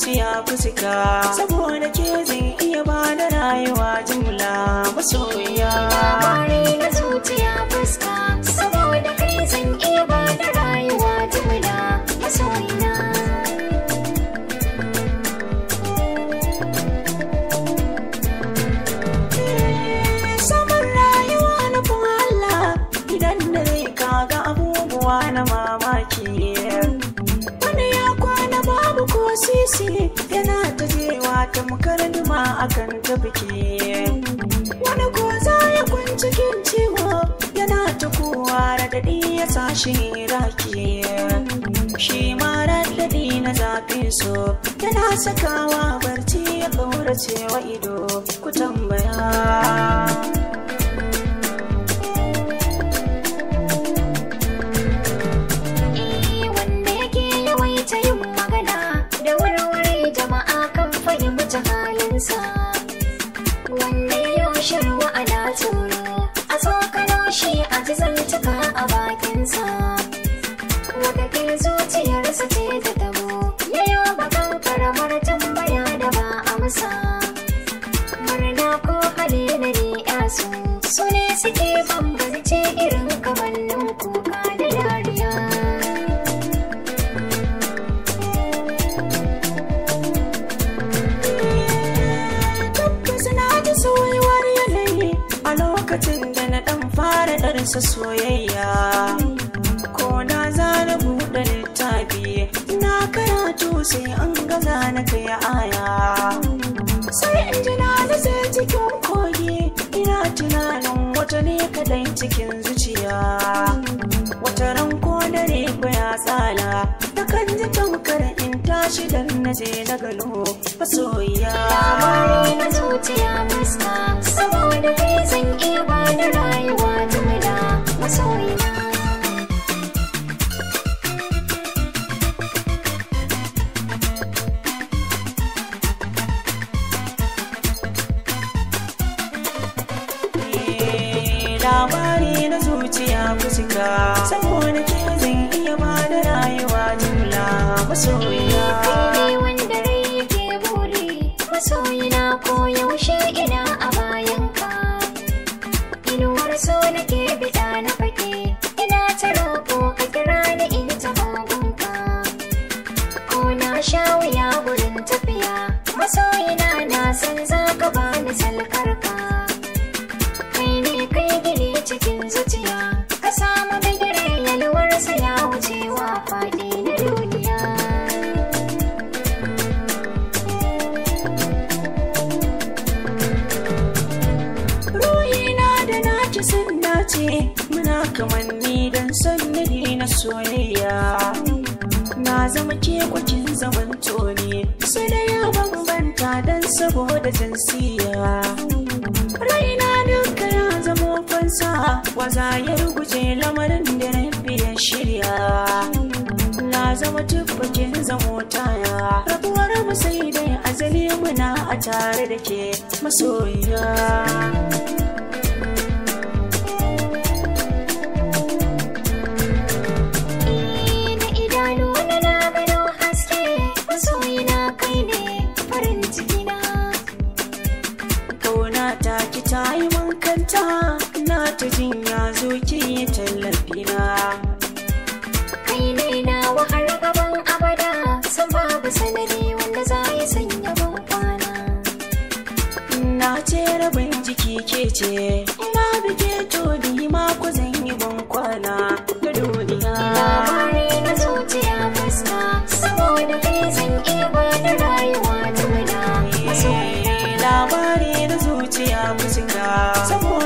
zuciya fuska saboda ke iya ba da rayuwa jimla masoya fuska saboda kai zan iya ba da rayuwa jimla masoyina sabon rayuwa na kuma Allah idan da zai kaga abubuwa na ma sisi yana ta jewa ta a akan ta biki wani ko za ya kwanci kin ciwo yana ta kowa radadi ya sa shi raki shi ma radadi na zafi so yana sakawa barci ya kaurace cewa ido ku tambaya inside. masa soyayya ko na za na buɗe littafi na karatu sai an gaza na kai aya sai in ji na nasa cikin kogi ina tunanin wata ne kaɗai cikin zuciya wata ran ko ne ko ya tsala ta kan ji tamkar in tashi dan na je na gano masoyiya labari na zuciya fuska saboda zan iya da rayuwa labari na zuciya kusurka saboda ke zan iya ba da rayuwa jimla masoyiya kai ne wanda rai yake buri masoyina ko yaushe ina masoyina na san za ka bani salkarka kai ne kai gire cikin zuciya ka samu bigire yalwarsa ya wa faɗi na duniya ruhina da naci sun dace muna kamanni don nadi na soyayya na zama ke zamantoni. zaman tone da yawan saboda jansiya raina duka ya zama fansa waza ya rubuce lamarin da fi ya shirya na zama tubbakin zamo taya rabuwar mu sai dai azali muna a tare da ke masoyiya ta na ta jinya zo ki tallafi na kai ne na wa gaban abada san babu sanadi wanda za ya sanya ban kwana na ce rabin jiki ke ce babu ke to ni ma ku zan yi ban kwana da duniya labari na zuciya fuska saboda kai zan iya ba da rayuwa ta eh, labari na zuciya fuska saboda